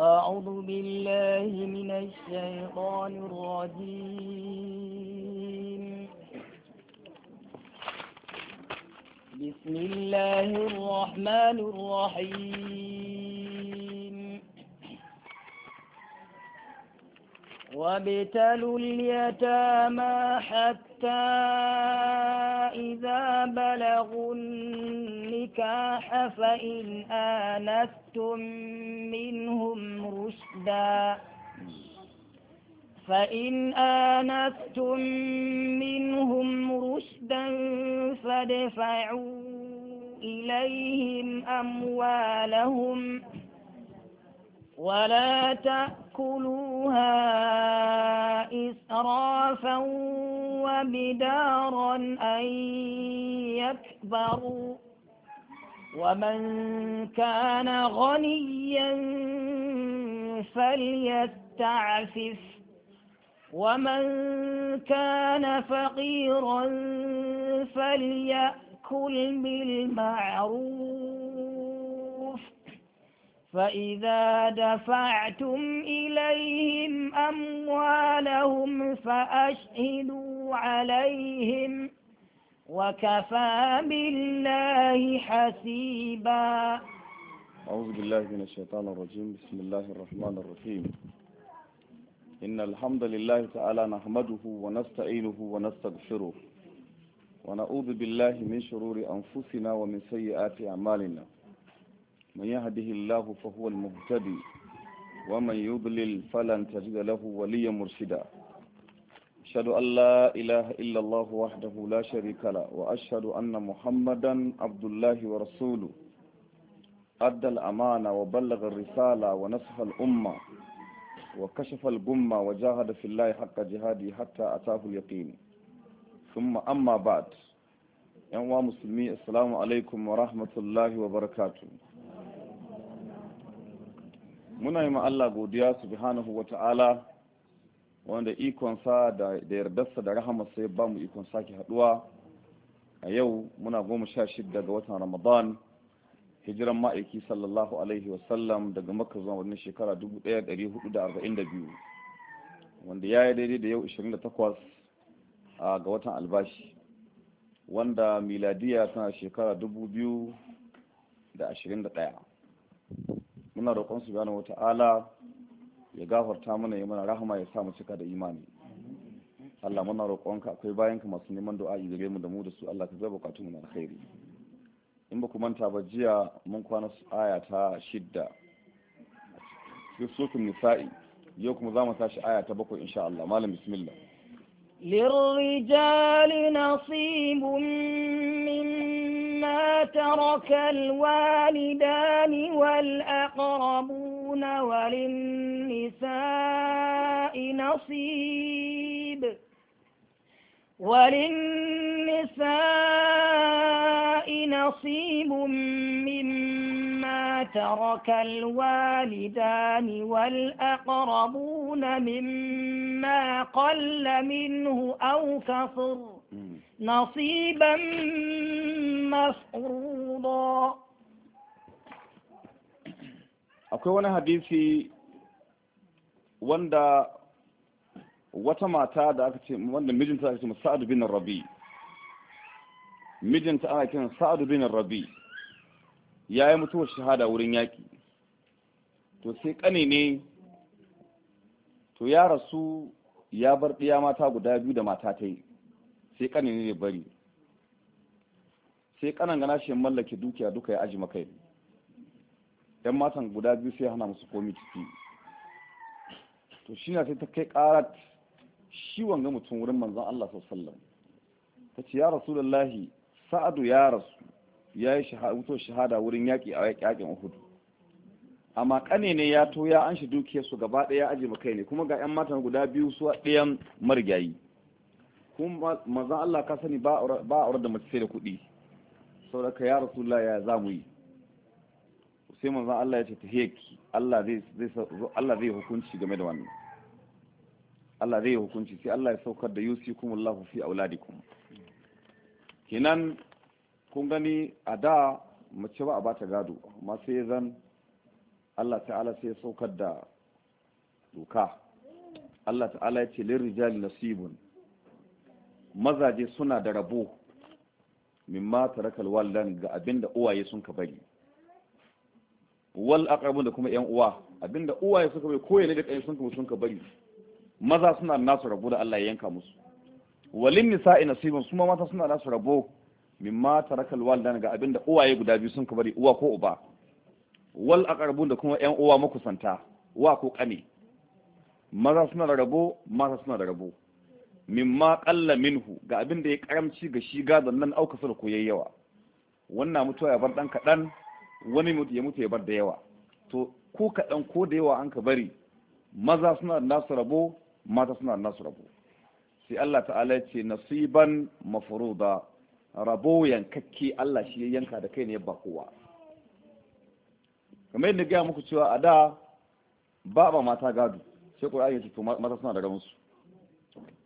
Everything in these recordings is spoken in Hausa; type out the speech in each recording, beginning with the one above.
أعوذ بالله من الشيطان الرجيم بسم الله الرحمن الرحيم وابتلوا اليتامى حتى حتى إذا بلغوا النكاح فإن آنستم منهم رشدا فإن آنستم منهم رشدا فادفعوا إليهم أموالهم ۖ ولا تأكلوها إسرافا وبدارا أن يكبروا ومن كان غنيا فليستعفف ومن كان فقيرا فليأكل بالمعروف فإذا دفعتم إليهم أموالهم فأشهدوا عليهم وكفى بالله حسيبا أعوذ بالله من الشيطان الرجيم بسم الله الرحمن الرحيم إن الحمد لله تعالى نحمده ونستعينه ونستغفره ونعوذ بالله من شرور أنفسنا ومن سيئات أعمالنا من يهده الله فهو المهتدي ومن يضلل فلن تجد له وليا مرشدا أشهد أن لا إله إلا الله وحده لا شريك له وأشهد أن محمدا عبد الله ورسوله أدى الأمانة وبلغ الرسالة ونصح الأمة وكشف الغمة وجاهد في الله حق جهاده حتى أتاه اليقين ثم أما بعد yan wa musulmi assalamu alaikum wa rahmatullahi wa barakatuh muna yi ma Allah godiya subhanahu wa ta'ala wanda ikonsa da yardarsa da rahamarsa ya ba mu ikon sake haduwa a yau muna goma sha shida ga watan ramadan hijiran ma'aiki sallallahu alaihi wasallam daga makka zuwa wannan shekara 1442 wanda ya yi daidai da yau 28 ga watan albashi wanda miladiya tana shekara 2021 muna roƙon su wata wata'ala ya gafarta mana ya mana rahama ya samu cika da imani Allah muna roƙonka akwai bayanka masu neman du'a gare mu da mu da su Allah ka zai bukatu mu na alkhairi in ba ku manta ba jiya mun kwana aya ta shidda su sukun nisa'i yau kuma za mu tashi aya ta bakwai insha Allah malam bismillah للرجال نصيب ترك الوالدان والأقربون وللنساء نصيب وللنساء نصيب مما ترك الوالدان والأقربون مما قل منه أو كثر نصيبا مفروضا akwai wani hadisi wanda wata mata da aka ce wanda mijinta aka ce sa'adu bin rabi mijinta ana kiran sa'adu bin rabi ya yayi mutuwar shahada wurin yaki to sai kane ne to ya rasu ya bar ɗiya mata guda biyu da mata ta yi sai kanin ne bari sai kanan gana shi mallake dukiya duka ya aji makai yan matan guda biyu sai hana musu komi ciki to shi na sai ta kai karat shi wanga mutum wurin manzon Allah sallallahu ta ce ya rasulullahi sa'adu ya rasu ya yi wuto shahada wurin yaƙi a yaƙin Uhud amma kane ne ya to ya an shi dukiyarsu gaba ɗaya aji makai ne kuma ga yan matan guda biyu su a ɗayan marigayi kuma Allah ka sani ba a da mace sai da kuɗi saboda ka ya rasulullah ya za mu yi sai manzan Allah ya ce ta heki Allah zai hukunci game da wannan Allah zai hukunci sai Allah ya saukar da yusi kuma Allah fi kuma Kinan kun gani a da mace ba a bata gado amma sai zan Allah ta'ala sai ya saukar da doka Allah ta'ala ya ce lirrijali nasibun mazaje suna da rabo mimma tarakal waldan ga abinda uwaye sun ka bari wal aqrabun da kuma yan uwa abinda uwaye suka bari koyi ne da kai sun ka sun ka bari maza suna da nasu rabo da Allah ya yanka musu walin nisa'i nasibun kuma mata suna da nasu rabo mimma tarakal waldan ga abinda uwaye guda biyu sun ka bari uwa ko uba wal aqrabun da kuma yan uwa makusanta uwa ko kane maza suna da rabo mata suna da rabo mimma qalla minhu ga abin da ya karamci ga shi gadon nan auka sura ko yawa wannan mutuwa ya bar dan kaɗan, wani mutu ya mutu ya bar da yawa to ko kaɗan ko da yawa an ka bari maza suna da nasu rabo mata suna da nasu rabo sai Allah ta'ala ya ce nasiban mafruda rabo yankakke Allah shi ya yanka da kai ne ba kowa kamar yadda gaya muku cewa a da ba ba mata gado sai Qur'ani ya ce to mata suna da su.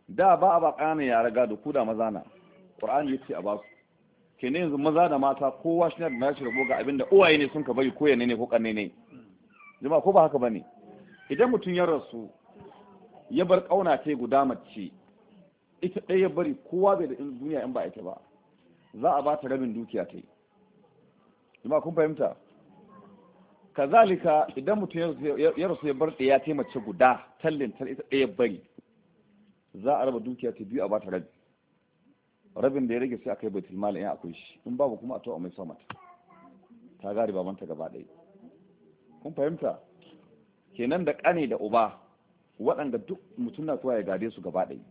da ba a ba ƙana yara gado ko da maza na ƙur'ani ya ce a su. ke ne yanzu maza da mata kowa shi na da nashi rabo ga abinda uwaye ne sun ka bari ko ne ko ƙanne ne jama'a ko ba haka ba ne idan mutum ya rasu ya bar ƙauna ta guda mace ita ɗaya ya bari kowa bai da duniya in ba ita ba za a ba ta rabin dukiya ta yi jama'a kun fahimta kazalika idan mutum ya rasu ya bar ɗaya ta mace guda tallin tal ita ɗaya bari za a raba dukiya ta biyu a bata rabi rabin da ya rage sai a kai baitul mal in akwai shi in babu kuma a to a mai sama ta. ta gari babanta gaba ɗaya kun fahimta kenan da ƙane da uba waɗanda duk mutum na kowa ya gade su gaba ɗaya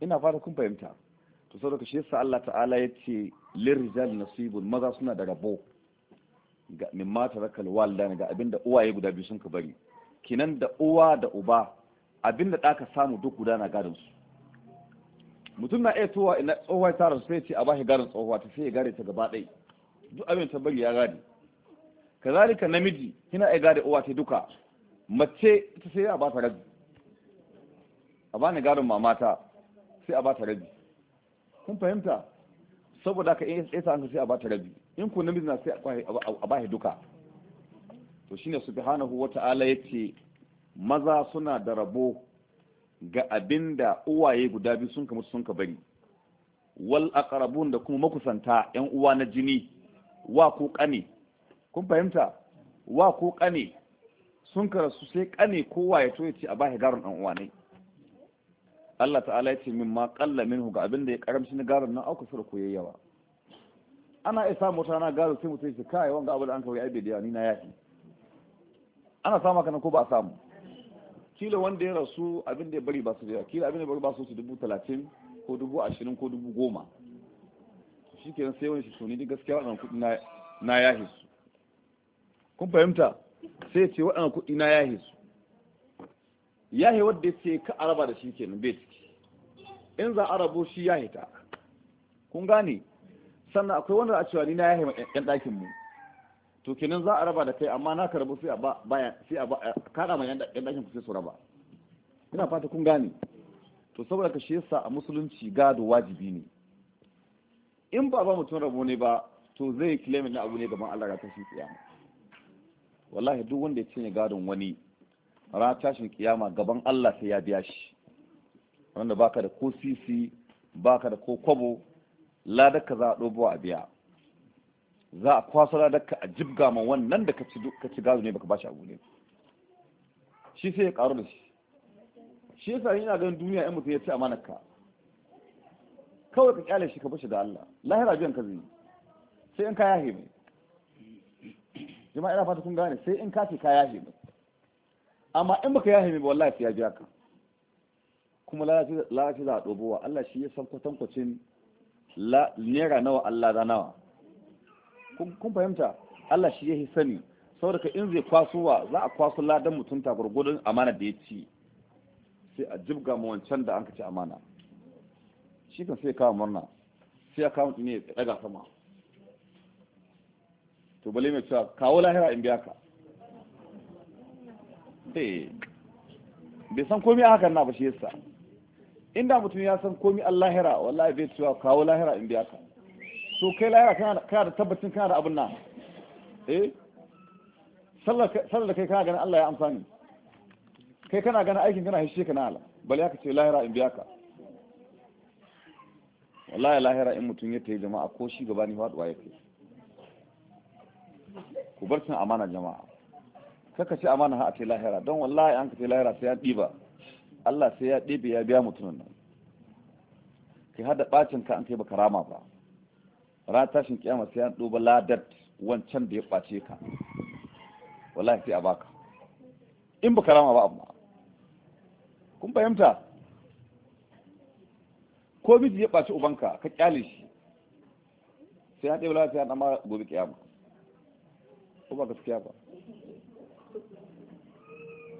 ina fata kun fahimta to saboda shi yasa Allah ta'ala ya ce lirrijal nasibun maza suna da rabo ga min mata rakal walda ga abinda uwaye guda biyu sun ka bari Kenan da uwa da uba abinda ɗaka samu duk guda na gadon su mutum na iya towa ina tsohuwa ya tara sai ce a bashi gadon tsohuwa ta sai ya gare ta gaba ɗai duk abin ta bari ya gade kazalika namiji kina iya gade uwa ta duka mace ta sai a ba ta rabi a ba ni gadon mamata sai a ba ta rabi kun fahimta saboda ka iya sa an sai a ba ta rabi in ku namiji na sai a ba duka to shine subhanahu wata'ala yace maza suna da rabo ga abin da uwaye guda biyu sun kamutu sun ka bari wal aqrabun da kuma makusanta yan uwa na jini wa ko kane kun fahimta wa ko kane sun rasu sai kane kowa ya to ya ce a bashi garin dan uwa ne Allah ta'ala ya ce min ma qalla minhu ga abin da ya karamci na garin nan auka sura koyayyawa ana isa mota na garo sai mutum ya kai wanga abu da an kawai ai bai ni na yaki ana samu kana ko ba a samu kila wanda ya rasu abin da ya bari ba su da kila abin da ya bari ba su dubu talatin ko dubu ashirin ko dubu goma shi kenan sai wani shi ni gaskiya waɗannan kuɗi na yahe su kun fahimta sai ce waɗannan kuɗi na yahe su yahe wadda ya ce ka araba da shi nan bai ciki in za arabo shi yahe ta kun gane sannan akwai wanda a cewa ni na yahe ma ɗan ɗakin mu to kenan za a raba da kai amma na karbu sai a ba a kada mai yan dakin ku sai su raba ina fata kun gane to saboda ka shi yasa a musulunci gado wajibi ne in ba ba mutum rabo ne ba to zai claim na abu ne gaban Allah ga tashin kiyama wallahi duk wanda ya cinye gadon wani ra tashin kiyama gaban Allah sai ya biya shi wanda baka da ko sisi baka da ko kwabo ladar ka za a ɗobo a biya za a kwaso da ka a jibga ma wannan da ka ci gado ne baka bashi abu ne shi sai ya karu da shi shi yasa yana ganin duniya in mutum ya ci amanar ka kawai ka kyale shi ka bashi da Allah lahira biyan ka zai sai in ka yahe mai jama'a ina fata kun gane sai in ka ce ka yahe mai amma in baka yahe mai ba wallahi sai ya biya ka kuma lalace za a ɗobowa Allah shi ya san kwatankwacin naira nawa Allah da nawa kun fahimta Allah shi yake sani saboda in zai kwasowa za a kwaso ladan mutunta gurgudun amana da ya ci sai a jibga mu wancan da an ka ci amana shi kan sai kawo murna sai account ne ya daga sama to bale mai cewa kawo lahira in biya ka eh bai san komai a hakan na ba shi yasa inda mutum ya san komai Allah lahira wallahi bai cewa kawo lahira in biya ka so kai lahira kana da tabbacin kana da abin nan eh sallar da kai kana ganin Allah ya amfani kai kana ganin aikin kana hishe ka na ala bale ka ce lahira in biya ka wallahi lahira in mutum ya tayi jama'a ko shi gaba ne faduwa yake ku bar cin amana jama'a kaka ce amana ha a ce lahira don wallahi an ka ce lahira sai ya ɗiba Allah sai ya ɗebe ya biya mutumin nan kai hada bacin ka an kai ba karama ba ran tashin kiyama sai an duba ladar wancan da ya kwace ka wallahi sai a baka in baka rama ba amma kun fahimta ko miji ya kwace ubanka ka kyale shi sai an ɗaya sai an amma gobe kiyama ko ba gaskiya ba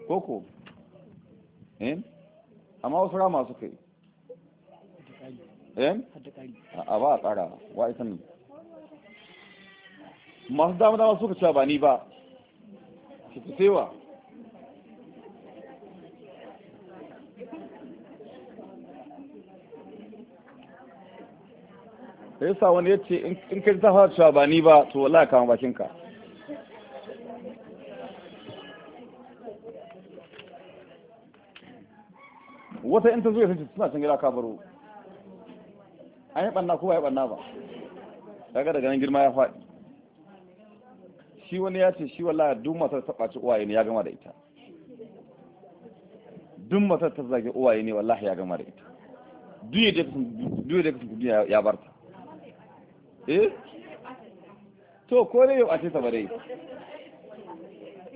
koko eh amma wasu rama suka yi Eh? a ba a wa ita ne masu dama dama suka cewa ba ni ba ki fi sewa da yi wani ya ce in ka ta fara cewa ba ni ba to wala kama bakinka wata yanta zuwa ya ce suna can gida ka baro an yi ɓanna ko ba ya ɓanna ba daga daga nan girma ya faɗi shi wani ya ce shi wallahi duk matar ta ɓaci uwaye ne ya gama da ita duk matar ta zage uwaye ne wallahi ya gama da ita duk yadda ka sun duniya ya barta eh to ko ne yau a ce ta dai.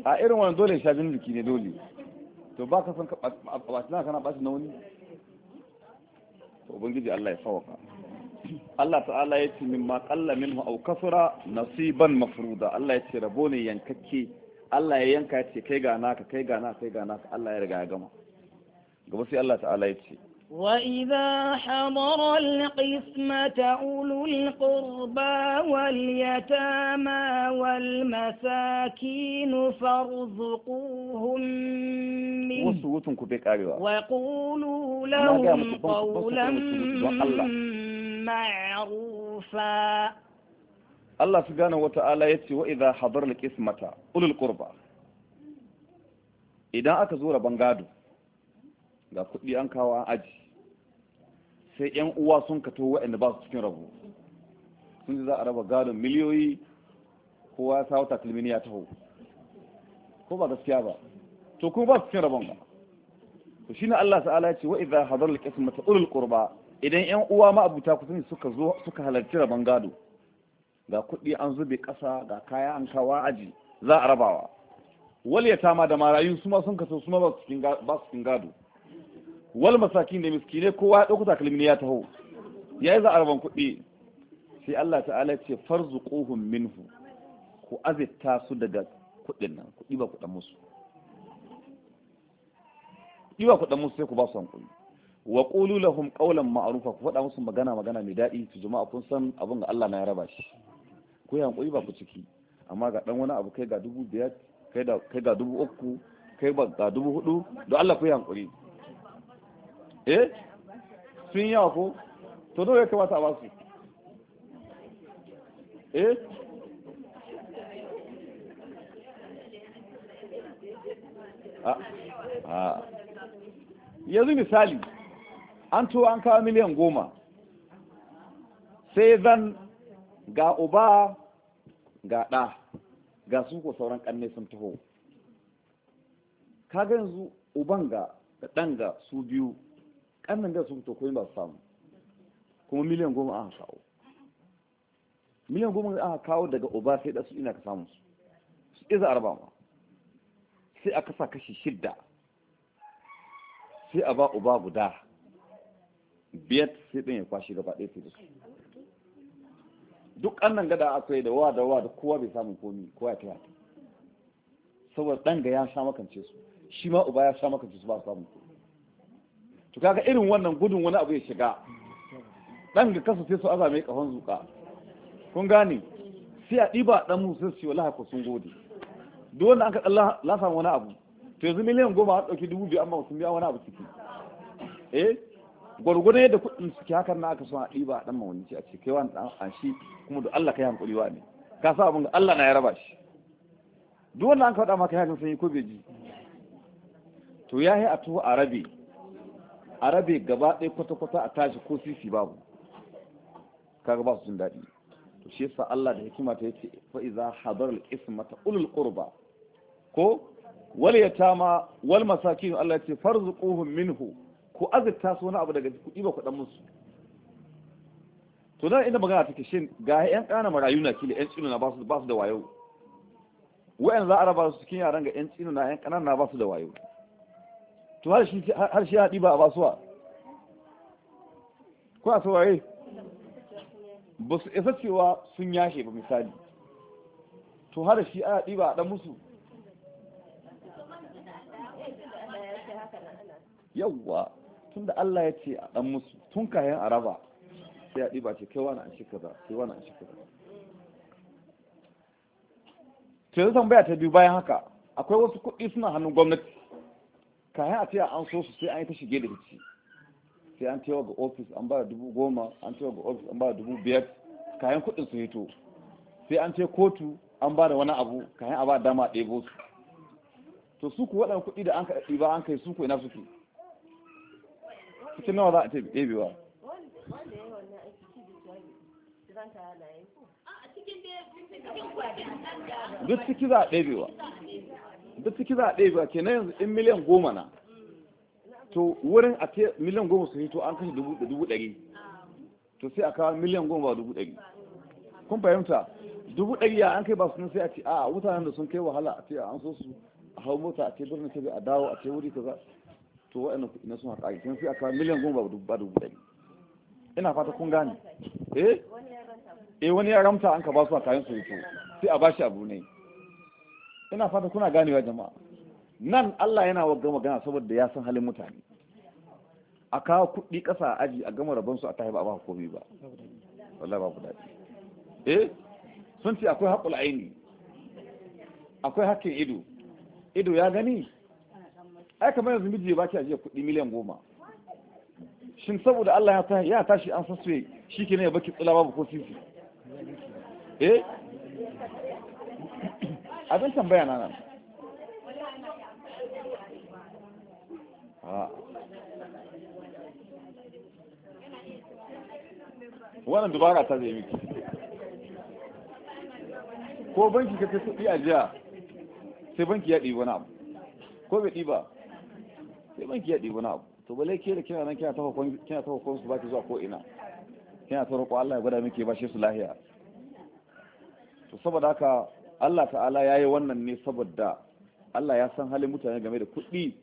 a irin wani dole shafin jiki ne dole to ba ka son ka ɓaci na kana ɓaci na wani ubangiji Allah ya sawaka Allah ta'ala ya ce mimma qalla minhu aw kasura nasiban mafruda Allah ya ce rabo ne yankakke Allah ya yanka ya ce kai ga naka kai ga naka kai ga naka Allah ya riga ya gama gaba sai Allah ta'ala ya ce وإذا حضر القسمة أولو القربى واليتامى والمساكين فارزقوهم مِنْ وقولوا لهم قولا معروفا الله سبحانه وتعالى يتي وإذا حضر القسمة أولو القربى إذا أكزور بنغادو ga kuɗi an kawo an aji sai yan uwa sun kato waɗanda ba su cikin rabu sun ji za a raba gadon miliyoyi kowa ya sawo takalmini ya taho ko ba gaskiya ba to kuma ba su cikin rabon ba to shi ne Allah ta'ala ya ce wa idza hadar al-qismata ulul qurba idan yan uwa ma abuta ku sun suka zo suka halarci rabon gado ga kuɗi an zube ƙasa ga kaya an kawo aji za a rabawa wal yatama da marayu su ma sun kaso su ma ba su cikin gado wal masakin da miskine kowa ya ɗauko takalmi ya taho ya yi za'arban kuɗi sai Allah ta'ala ya ce farzuquhum minhu ku azita su daga kuɗin nan ku musu kuɗin musu ku kuɗin musu sai ku ba su hankali wa qulu lahum qawlan ma'rufa ku faɗa musu magana magana mai daɗi su jama'a kun san abin da Allah na ya raba shi ku yi ba ku ciki amma ga dan wani abu kai ga dubu biyar kai ga dubu uku kai ga dubu hudu don Allah ku yi hankuli. eh sun yawa ko to nawa ya kamata a ba su eh ah, ah. yanzu misali an tuwa an kawo miliyan goma sai zan ga uba ga ɗa ga su ko sauran ƙanne sun taho ga yanzu uban ga ɗan ga su biyu ƙannan da sun tokoyi ba su samu kuma miliyan goma aka kawo miliyan goma aka kawo daga uba sai da su ina ka samu su su iza arba ma sai a sa kashi shidda sai a ba uba guda biyar sai ɗin ya kwashe gaba ɗaya sai da su duk annan gada akwai da wa da wa da kowa bai samu komi kowa ya taya saboda ɗan ga ya sha makance su shi ma uba ya sha makance su ba su samu komi to kaga irin wannan gudun wani abu ya shiga dan ga kasu sai su azame kafan zuka kun gane sai a ɗiba dan mu sai su wallahi ko sun gode duk wanda aka Allah la samu wani abu to yanzu miliyan goma an ɗauki dubu biyu amma sun biya wani abu ciki eh gwargwadon yadda kuɗin suke hakan na aka so a ɗiba a ɗan mawanici a ce kai wani ɗan an shi kuma da Allah kai hankuri wa ne ka sa abin ga Allah na ya raba shi duk wanda an ka faɗa maka yakan sanyi ko bai ji to ya yi a tuhu a rabe a rabe gaba ɗaya kwata-kwata a tashi ko sisi babu kaga ba su jin daɗi to shi yasa Allah da hikima ta yace fa iza hadar al ismata ulul qurba ko wal yatama wal masakin Allah yace farzuquhum minhu ku azita su wani abu daga diba ku dan musu to dan inda magana take shin ga yan kana marayu na kila yan tsino na ba su ba su da wayo wayan za a raba su cikin yaran ga yan tsino na yan kanana ba su da wayo to har shi har shi a basuwa ko a saurare ba su isa cewa sun yashe ba misali to har shi ya ɗiba a ɗan musu yawwa tun da Allah ya ce a ɗan musu tun kayan a raba sai ya ɗiba ce kai wani an shi kaza kai wani an shi kaza to yanzu tambaya ta biyu bayan haka akwai wasu kuɗi suna hannun gwamnati kayan a ce an so su sai an yi ta shige da ci sai an tewa ga ofis an ba dubu goma an tewa ga ofis an ba dubu biyar kayan kuɗin su hito sai an ce kotu an ba da wani abu kayan a ba dama ɗebo su to su ku waɗanda kuɗi da an ka ɗiba an kai su ku ina suke cikin nawa za a ɗebewa duk ciki za a ɗebewa da ciki za a ɗaya ba kenan yanzu in miliyan goma na to wurin a ce miliyan goma su to an kashe dubu ɗari to sai a kawo miliyan goma ba dubu ɗari kun fahimta dubu ɗari ya an kai ba su sai a ce a mutanen da sun kai wahala a ce an so su a hau mota a ce birnin kebe a dawo a ce wuri kaza to waɗannan kuɗi na sun haka ake sai a kawo miliyan goma ba dubu ɗari ina fata kun gane eh eh wani ya ramta an ka ba su a kayan su sai a bashi abu ne ina fata kuna ganewa jama'a nan Allah yana wa magana saboda ya san halin mutane a kawo kuɗi ƙasa aji a gama rabon su a tahi ba a ba komai ba wallahi babu daɗi eh sun ce akwai haƙul aini akwai haƙƙin ido ido ya gani ai kamar yanzu miji ya baki ajiya kuɗi miliyan goma shin saboda Allah ya tashi an ne shi ke ya baki tsula babu ko sisi eh abin tambaya na nan ah. wannan dubara ta zai miki ko banki ka kai kuɗi a jiya sai banki ya ɗibi wani abu ko bai ɗiba sai banki ya ɗibi wani abu to balai ke da kina nan kina ta hukun su baki zuwa ko ina kina ta roƙo Allah ya gwada miki ba shi su lahiya to saboda haka Allah ta'ala ya yi wannan ne saboda Allah ya san halin mutane game da kuɗi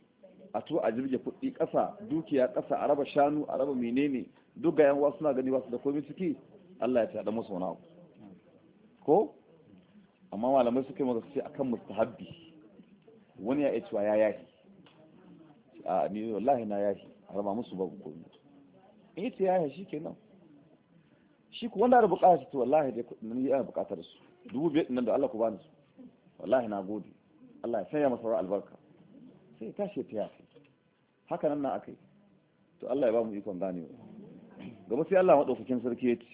a to a jirge kuɗi ƙasa dukiya ƙasa a raba shanu a raba menene duk ga yan wasu suna gani wasu da komai ciki Allah ya tada masu wani ko amma malamai suke maka ce akan mustahabbi wani ya iya cewa ya yahi a ni wallahi na yahi a raba musu babu komai in ita yahi shikenan shi ku wanda da bukatar su wallahi dai kuɗin ya bukatar su dubu biyar nan da Allah ku bani su wallahi na gode Allah ya sanya masa albarka sai ya tashi ya taya haka nan na akai to Allah ya ba mu ikon ganewa gaba sai Allah madaukakin sarki ya ce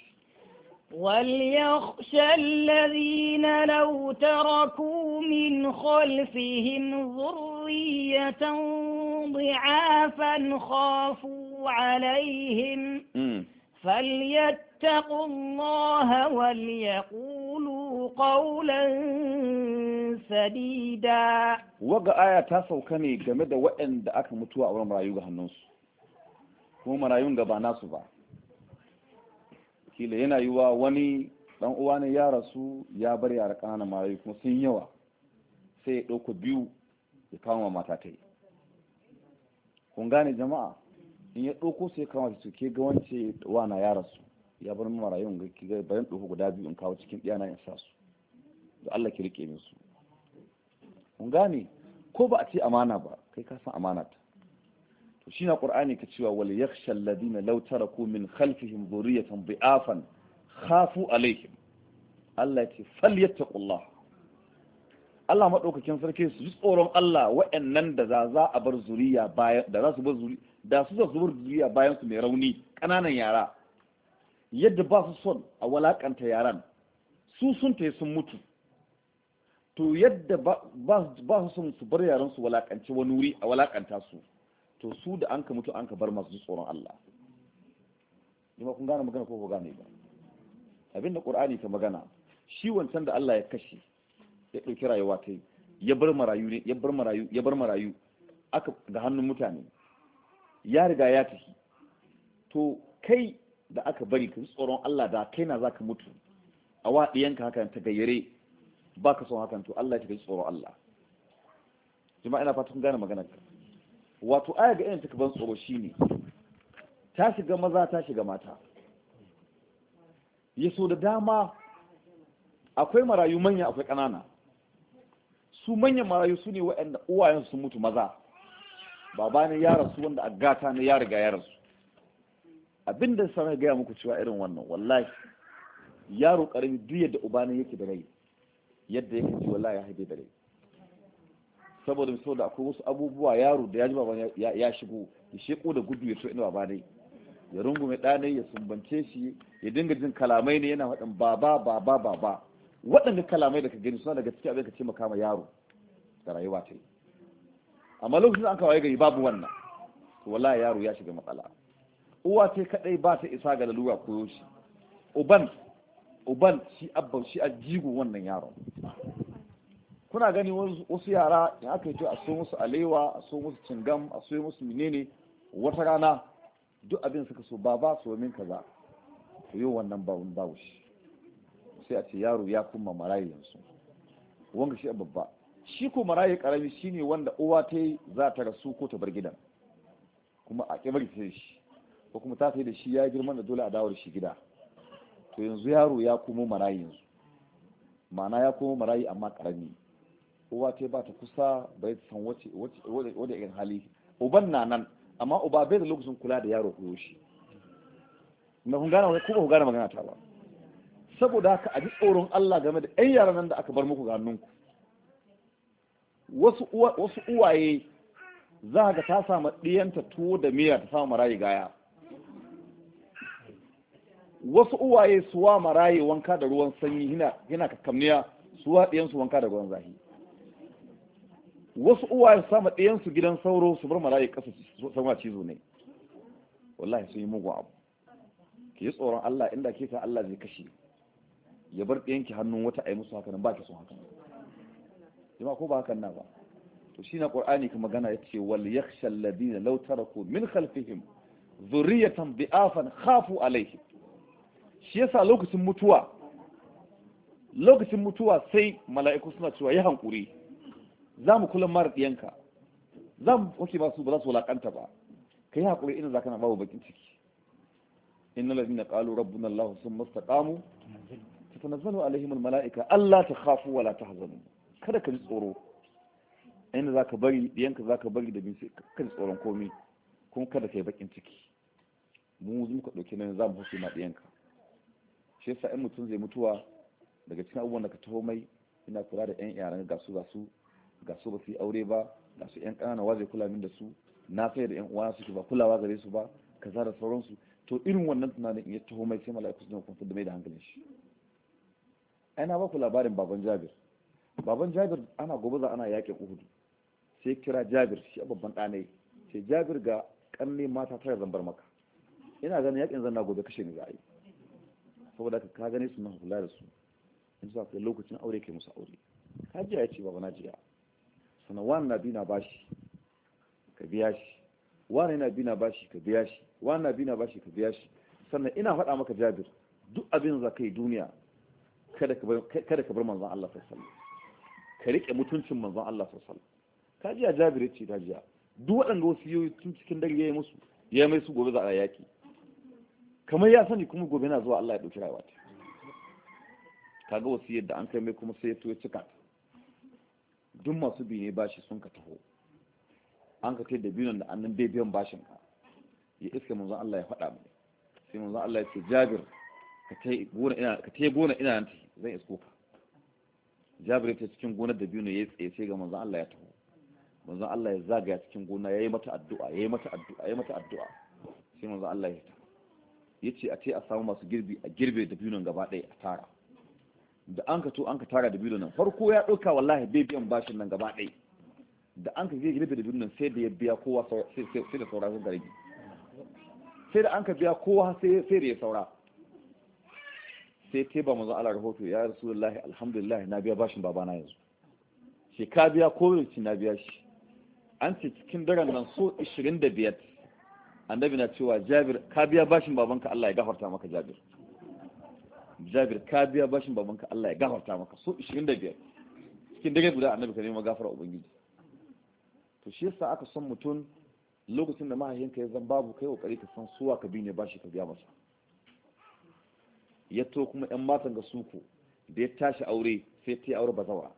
وليخشى الذين لو تركوا من خلفهم ذرية ضعافا خافوا عليهم فليت فاتقوا الله وليقولوا قولا سديدا waga aya ta sauka ne game da waɗanda aka mutuwa auren wurin marayu ga hannunsu kuma marayun ga ba nasu ba kila yana yiwa wani dan uwa ya rasu ya bar yara ƙananan marayu kuma sun yawa sai ya ɗauka biyu ya kama mata ta kun gane jama'a in ya ɗauko sai ya kama su ke ga wance wana ya rasu ya bar mu marayun ga kiga bayan dofu guda biyu in kawo cikin diyana in sa su da Allah ki rike min su kun gane ko ba a ce amana ba kai ka san amana ta to shi na qur'ani ka cewa wal yakhsha alladina law taraku min khalfihim dhurriyatan bi'afan khafu alaihim Allah ya ce falyattaqullah Allah madaukakin sarki su ji tsoron Allah wa'annan da za za a bar zuriya bayan da za su bar zuriya da su za su bar zuriya bayan su mai rauni ƙananan yara yadda ba su son a walakanta yaran su sun ta sun mutu to yadda ba su son su bar yaran su walakanci wani wuri a walakanta su to su da an ka mutu an ka bar masu tsoron Allah ima kun gane magana ko ku gane ba abin da qur'ani ka magana shi wancan da Allah ya kashe ya ɗauki rayuwa ta yi ya bar marayu ne ya bar marayu ya bar marayu aka ga hannun mutane ya riga ya tafi to kai da aka bari ka tsoron Allah da kai na ka mutu a waɗiyanka hakan ta gayyare ba ka son hakan to Allah ta kai tsoron Allah jima'a ina fatan gane magana ka wato aya ga irin takaban tsoro shi ne. ta shiga maza ta shiga mata ya so da dama akwai marayu manya akwai ƙanana su manyan marayu su ne wa'anda uwayensu sun mutu maza baba ne ya rasu wanda a gata ne ya riga ya rasu abin da sana gaya muku cewa irin wannan wallahi yaro karami duk yadda ubani yake da rai yadda yake ji wallahi ya haife da rai saboda da akwai wasu abubuwa yaro da ya ji baban ya shigo ya sheko da gudu ya so ina baba ne ya rungume ɗanai ya sumbance shi ya dinga jin kalamai ne yana faɗin baba baba baba waɗanda kalamai da ka gani suna daga cikin abin ka taimaka ma yaro da rayuwa ta yi amma lokacin an kawai gari babu wannan wallahi yaro ya shiga matsala uwa ce kadai ba ta isa ga lalura koyo shi uban uban shi abban shi a jigo wannan yaron kuna gani wasu yara in aka yi a so musu alewa a so musu cingam a so musu menene wata rana duk abin suka so ba ba su min kaza to yi wannan bawun shi sai a ce yaro ya kuma marayi yanzu wanga shi babba shi ko marayi karami shine wanda uwa ta yi za ta rasu ko ta bar gidan kuma a kibar sai shi ko kuma ta da shi ya girma da dole a dawar shi gida to yanzu yaro ya komo marayi yanzu ma'ana ya komo marayi amma karami uwa ce ba ta kusa bai san wace wace irin hali uban na nan amma uba bai da lokacin kula da yaro koyo shi na kun gane ko ba ku gane magana ta ba saboda haka a ji tsoron Allah game da ɗan yaran nan da aka bar muku ga hannunku wasu uwaye za ga ta samu ɗiyanta tuwo da miya ta samu marayi gaya wasu uwaye suwa wa maraye wanka da ruwan sanyi yana hina suwa ɗiyansu wanka da ruwan zafi wasu uwaye su sama ɗiyansu gidan sauro su bar maraye ƙasa su sama cizo ne wallahi sun yi mugun abu ki yi tsoron Allah inda ke sa Allah zai kashe ya bar ɗiyanki hannun wata a yi musu haka nan ba ki son haka jama ko ba hakan na ba to shi na ƙur'ani ka magana ya ce wal yakhsha alladhina law taraku min khalfihim dhurriyatan bi'afan khafu alaihim shi yasa lokacin mutuwa lokacin mutuwa sai mala'iku suna cewa ya hankuri za mu kula mara ɗiyanka za mu kwace ba su ba za su wulaƙanta ba ka yi haƙuri ina za ka na babu bakin ciki inna ladina qalu rabbuna allah sun mastaqamu a alaihim mala'ika. allah ta khafu wala ta hazanu kada ka ji tsoro inda za ka bari ɗiyanka za ka bari da bin sai ka ji tsoron komai kuma kada ka yi bakin ciki mu muka ɗauki nan za mu husu ma ɗiyanka shi yasa in mutum zai mutuwa daga cikin abubuwan da ka taho mai ina kula da yan yaran ga su ga su ga su ba su yi aure ba ga su yan ƙanana wa zai kula min da su na sai da yan uwana suke ba kulawa gare su ba kaza da sauransu to irin wannan tunanin in ya taho mai sai mala'iku su kuma da mai da hankalin shi ai ba ku labarin baban Jabir baban Jabir ana gobe za ana yaƙin Uhud sai kira Jabir shi babban ne sai Jabir ga ƙanne mata tara zambar maka ina ganin yaƙin zanna gobe kashe ni za a saboda ka gane su na kula da su in sa kai lokacin aure kai musu aure jiya ya ce baba na jiya sana wani na bi na bashi ka biya shi wani na bi na bashi ka biya shi wani na bi na bashi ka biya shi sannan ina faɗa maka jabir duk abin za ka yi duniya kada ka bar manzon Allah sallallahu ka riƙe mutuncin manzon Allah sallallahu jiya jabir ya ce jiya. duk waɗanda wasu yi tun cikin dare ya yi musu ya mai su gobe za a yaki kamar ya sani kuma gobe na zuwa Allah ya dauki rayuwa ta kaga wasiyar da an kai mai kuma sai ya to ya cika duk masu bi ne bashi sun ka taho an ka kai da binon da annan bai biyan bashin ka ya iska manzon Allah ya faɗa mu sai manzon Allah ya ce Jabir ka tai gona ina ka tai gona ina nan zan isko ka Jabir ta cikin gonar da binon ya tsaye sai ga manzon Allah ya taho manzon Allah ya zagaya cikin gona yayi mata addu'a yayi mata addu'a yayi mata addu'a sai manzon Allah ya taho ya ce a ce a samu masu girbi a girbe dabinon gaba ɗaya a tara da an ka to an ka tara da nan farko ya ɗauka wallahi bai biyan bashin nan gaba ɗaya da an ka girbe da nan sai da ya biya kowa sai da saura sun gargi sai da an ka biya kowa sai da ya saura sai ta ba manzo ALA rahoto ya rasu lallahi alhamdulillah na biya bashin babana yanzu shi ka biya ko na biya shi an ce cikin daren nan so biyar. annabi na cewa jabir ka biya bashin babanka Allah ya gafarta maka jabir jabir ka biya bashin babanka Allah ya gafarta maka so 25 cikin dare guda annabi ka nema gafara ubangiji to shi yasa aka son mutum lokacin da mahaifinka ya zan babu kai kokari ka san suwa ka bi ne bashi ka biya masa ya to kuma yan matan ga suko da ya tashi aure sai ta yi aure bazawa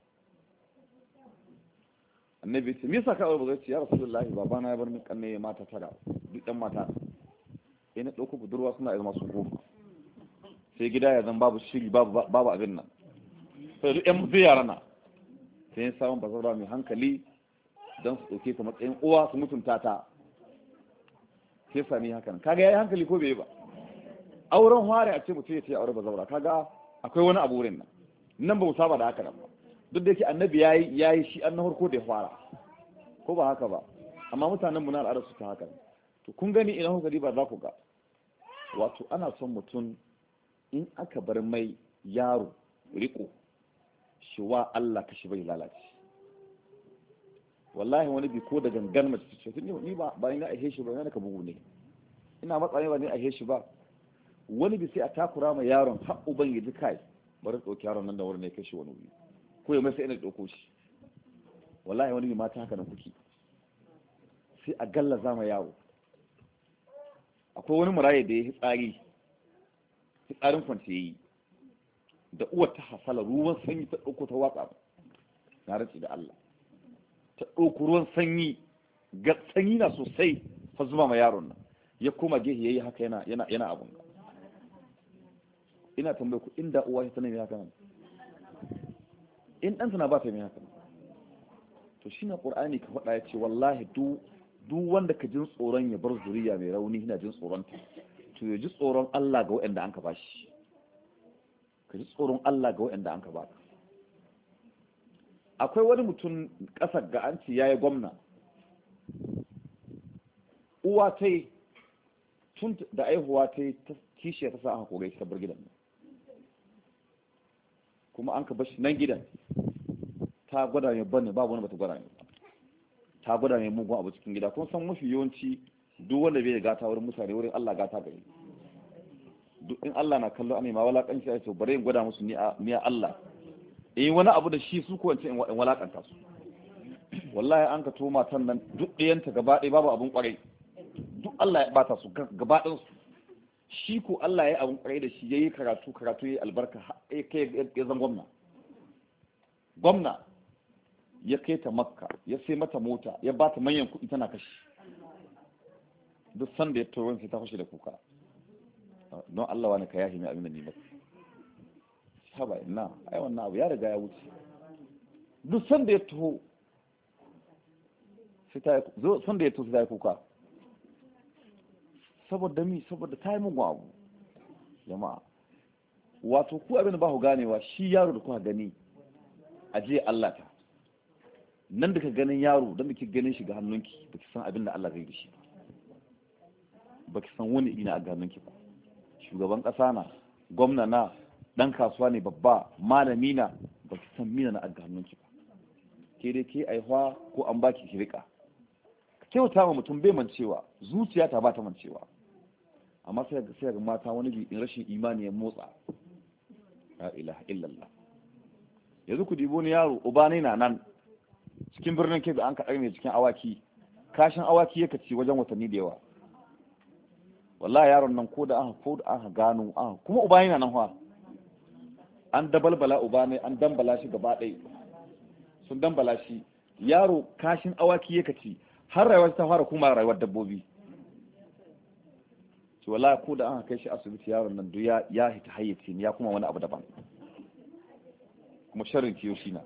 annabi ce me yasa ba zai ce ya rasulullahi baba na ya bar min kanne mata tara duk ɗan mata sai na ɗauko budurwa suna zama su goma sai gida ya zan babu shiri babu abin nan sai duk yan mutu yara na sai yin samun bazara mai hankali don su ɗauke ta matsayin uwa su mutunta ta sai sami hakan kaga ya yi hankali ko bai ba auren hware a ce mutum ya ce aure bazara kaga akwai wani abu wurin nan nan ba mu saba da haka nan ba duk da yake annabi ya yi shi an na farko da ya fara ko ba haka ba amma mutanen mu na al'ada su ta haka to kun gani idan kuka ba za ku ga wato ana son mutum in aka bar mai yaro riko shi wa Allah shi bai lalace wallahi wani bi ko da gangan mace ce ni ba ba ina a heshi ba ina ka bugu ne ina matsayi ba ni a heshi ba wani bi sai a takura ma yaron har uban ya kai bari tsoki yaron nan da wurin ne kashe wani wuri ko ya mai sai ina ɗauko shi wallahi wani mata haka nan kuke sai a galla zama yawo akwai wani muraye da ya yi tsari tsarin kwance yi da uwar ta hasala ruwan sanyi ta ɗauko ta watsa na rantsi da Allah ta ɗauko ruwan sanyi ga sanyi na sosai ta zuba ma yaron nan ya koma gehe yi haka yana abun ina tambaye ku inda uwa ta ne haka nan in ɗansa na ba ta mai haka to shi na ƙur'ani ka faɗa ya ce wallahi duk wanda ka jin tsoron ya bar zuriya mai rauni yana jin tsoron ta to ya ji tsoron Allah ga waɗanda an ka ba shi ka ji tsoron Allah ga waɗanda an ka ba akwai wani mutum ƙasar ga an ce yayi gwamna uwa ta yi tun da aihuwa ta yi kishiya ta sa aka kogai ta bar gidan nan kuma an ka bashi nan gidan ta gwada mai banne babu wani bata gwada mai ta gwada mai mugun abu cikin gida kuma san mafi yawanci duk wanda bai gata wurin mutane wurin Allah gata yi duk in Allah na kallo ana ma walakanci ai to bare in gwada musu ni a Allah eh wani abu da shi su ko in walakanta su wallahi an ka to matan nan duk ɗiyanta gaba ɗaya babu abun kwarai duk Allah ya bata su gaba ɗayan su shi ko Allah ya yi abin kwarai da shi ya yi karatu karatu ya yi albarka ya zan gwamna gwamna ya kai ta makka ya sai mata mota ya ba ta manyan kuɗi tana kashi duk sanda ya tauron sai ta fashe da kuka don Allah wani ka yahi mai abin da ni maka haba ina ai wannan abu ya riga ya wuce duk sanda ya taho sai ta yi kuka saboda mi saboda ta yi mugun abu jama'a wato ku abin da ba ku ganewa shi yaro da kuka gani a je Allah ta nan da ka ganin yaro dan da kika ganin shi ga hannunki baki san abin da Allah zai da ba. baki san wani ina a ga hannunki ba shugaban kasa na gwamna na dan kasuwa ne babba malami na baki san mina na a ga hannunki ba ke dai ke aihuwa ko an baki ki rika kyauta ma mutum bai mancewa zuciya ta ba ta mancewa amma sai ga sai ga mata wani bi rashin imani ya motsa la ilaha illallah yanzu ku dibo ni yaro uba ne na nan cikin birnin da an kaɗar ne cikin awaki kashin awaki yake ci wajen watanni da yawa wallahi yaron nan ko da aka ko da aka gano aka kuma uba ne na nan fa an dabalbala uba ne an dambala shi gaba ɗaya sun dambala shi yaro kashin awaki yake ci har rayuwar ta fara kuma rayuwar dabbobi to wallahi ko da an kai shi asibiti yaron nan duk ya hita hayyace ni ya kuma wani abu daban kuma sharrin ki shi na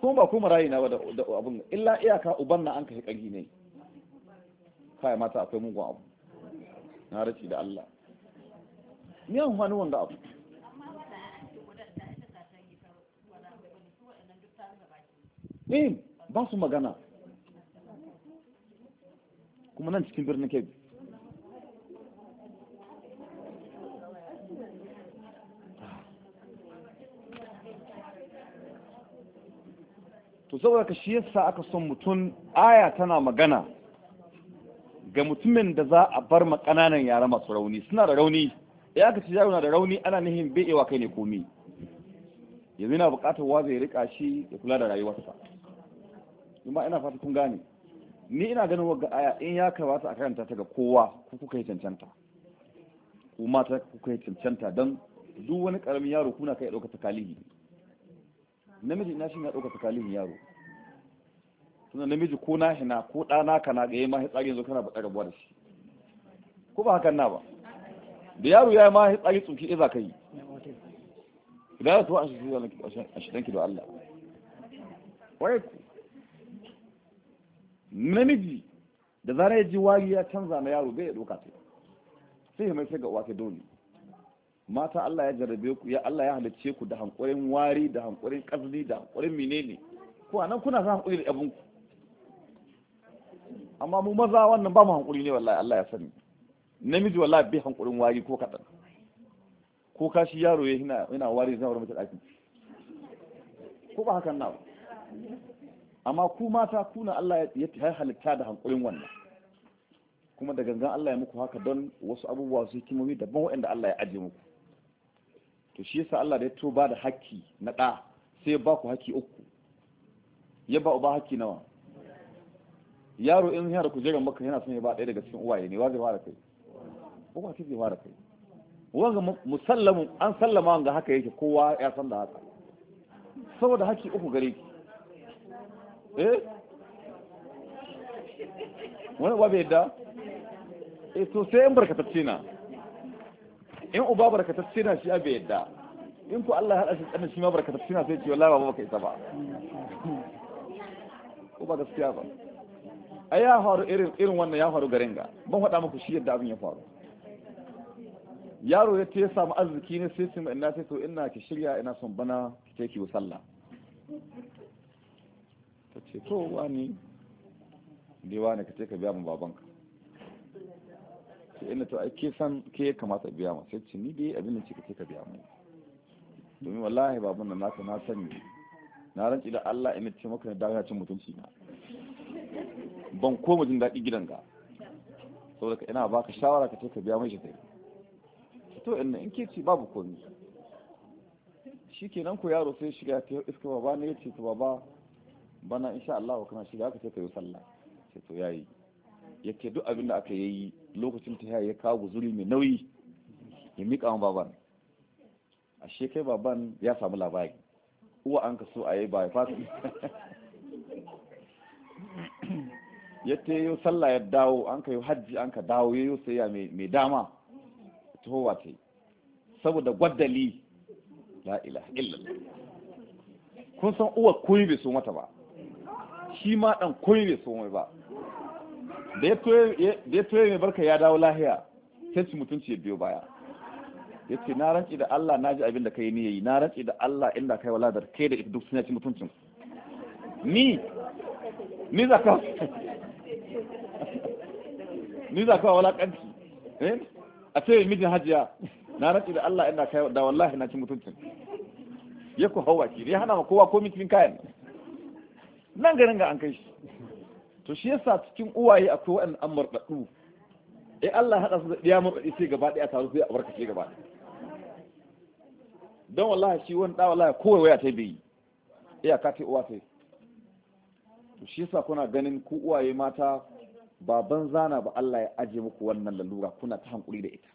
kuma ba kuma rayi na ba da abun illa iyaka uban na an kai kangi ne kai mata akwai mugun abu na race da Allah ni an hannu wanda abu eh ba su magana kuma nan cikin birnin kebbi saboda ka shi yasa aka son mutum aya tana magana ga mutumin da za a bar ma ƙananan yara masu rauni suna da rauni ya aka ce yaro na da rauni ana nihin be'ewa kai ne komi yanzu yana buƙatar wa zai rika shi ya kula da rayuwarsa kuma ina fata kun gane ni ina ganin wagga aya in ya kamata a karanta ta ga kowa ku kuka yi cancanta ku mata kuka yi cancanta don duk wani ƙaramin yaro kuna kai ɗaukar takalihi namiji ina shi na ɗaukar kalihin yaro tunda namiji ko na hina ko ɗana ka na gaye ma hitsari yanzu kana ba rabuwa da shi ko ba hakan na ba da yaro ya ma hitsari tsuki iza ka yi idan ya tuwa a shidan ki da Allah wai ku namiji da zara ya ji wari ya canza na yaro bai ya ɗauka ta sai ya mai sai ga uwa ta dole mata Allah ya jarabe ku ya Allah ya halicce ku da hankurin wari da hankurin kazli da hankurin menene ku anan kuna sa hankuri da abinku amma mu maza wannan ba mu hankuri ne wallahi Allah ya sani namiji wallahi bai hankurin wari ko kadan ko kashi yaro ya hina yana wari zan da mutaki ko ba hakan na amma ku mata kuna Allah ya halitta da hankurin wannan kuma da gangan Allah ya muku haka don wasu abubuwa su hikimomi daban waɗanda Allah ya aje muku to shi yasa Allah da ya to ba da haƙƙi na ɗa sai ya ba ku haƙƙi uku ya ba uba haƙƙi nawa yaro in yana da kujerar maka yana son ya ba ɗaya daga cikin uwaye ne wa zai fara kai uwa ce zai fara kai wanga musallamu an sallama wanga haka yake kowa ya san da haka saboda haki uku gare ki eh wani uba bai da? eh to sai in barkatacce na in uba barkatacce na shi bai da in ku Allah ya haɗa shi tsanin shi ma barkatacce na sai ce wallahi ba kai isa ba uba ba gaskiya ba a ya faru irin irin wannan ya faru garin ga ban faɗa muku shi yadda abin ya faru yaro ya ce ya samu arziki ne sai sun ina sai to ina ki shirya ina son bana ki take ki sallah ta ce to wani ne wani ka ce ka biya mu babanka sai ina to ai ke san ke ya kamata biya mu sai ce ni dai abin da ce ka biya mu domin wallahi baban nan naka na sani na rantsi da Allah ina ce maka da daga cin mutunci na ban koma jin daɗi gidan ga saboda ka ina baka shawara ka ka biya mai shi sai to in in ke ci babu komi Shi ke nan ko yaro sai shiga ta iska baba ne yace ta baba bana insha Allah kana shiga ka ka yi sallah sai to yayi yake duk abin da aka yi lokacin ta ya kawo guzuri mai nauyi ya mika wa baban ashe kai baban ya samu labari uwa an ka so a yi ba ya fasa ya ta yi sallah ya dawo an ka yi hajji an ka dawo ya yi sayya mai dama towa ta yi saboda gwaddali la ila illallah kun san uwa koyi bai so mata ba shi ma dan koyi bai so mai ba da ya toye mai barka ya dawo lahiya sai su mutunci ya biyo baya ya ce na rantsi da Allah na ji abin da ka yi ni yayi na rantsi da Allah inda kai wala da kai da ita duk suna ci mutuncin ni ni za ka ni za wala kanki eh a ce mijin hajiya na rantsi da Allah ina kai da wallahi na ci mutuncin ya ku hawa ki ya hana ma kowa ko cikin kayan nan garin ga an kai shi to shi yasa cikin uwaye akwai wa'an an marɗaɗu eh Allah haɗa su da ɗiya marɗaɗi sai gaba ɗaya taru sai a barkace gaba don wallahi shi wani ɗa wallahi kowai waya ta bai iyaka ta uwa ta to shi yasa kuna ganin ku uwaye mata ba ban zana ba Allah ya aje muku wannan lalura kuna ta hankuri da ita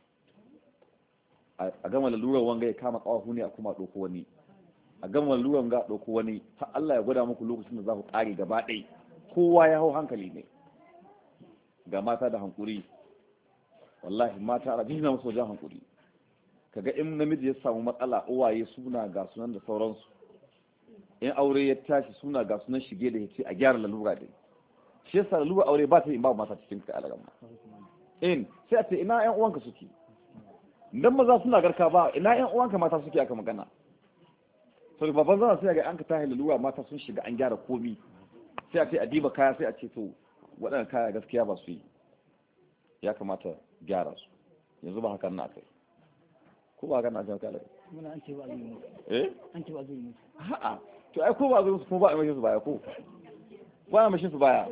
a gama lalura wanga ya kama kawahu ne a kuma doko wani a gama lalura wanga doko wani ta Allah ya gwada muku lokacin da za ku kare gaba ɗai kowa ya hau hankali ne ga mata da hankuri wallahi mata a na musu wajen hankuri kaga in namiji ya samu matsala uwaye suna ga sunan da sauransu in aure ya tashi suna ga sunan shige da ya ce a gyara lalura dai shi yasa lalura aure ba ta yi ba mata cikin ka alagan in sai a ce ina yan uwanka suke dan maza suna garka ba ina yan uwanka mata suke aka magana to babban zan sai ga an ka tahi lalura mata sun shiga an gyara komi sai a ce a diba kaya sai a ce to waɗannan kaya gaskiya ba su yi ya kamata gyara su yanzu ba hakan na kai ko ba haka na kai alagan muna an ce ba a yi musu eh an ce ba a yi musu a'a to ai ko ba a yi musu kuma ba a yi musu ba ya ko ba mashin su baya